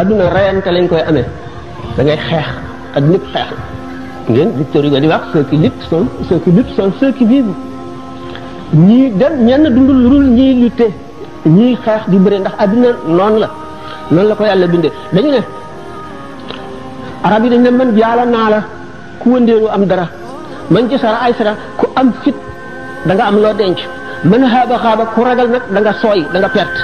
adduna reyante lañ koy amee da ngay xeex ak nit xeex ngeen Victor Hugo di wax ceux qui luttent sont ceux qui luttent sont ceux qui vivent ñii dem ñenn dundul lu dul ñii lutter ñii xeex di bëre ndax adduna noonu la noonu la ko yàlla bindee dañu ne arab yi dañ ne man yàlla naa la ku wëndeelu am dara man ci sara ay sara ku am fit da nga am loo denc man xaaba xaaba ku ragal nag da nga sooy da nga perte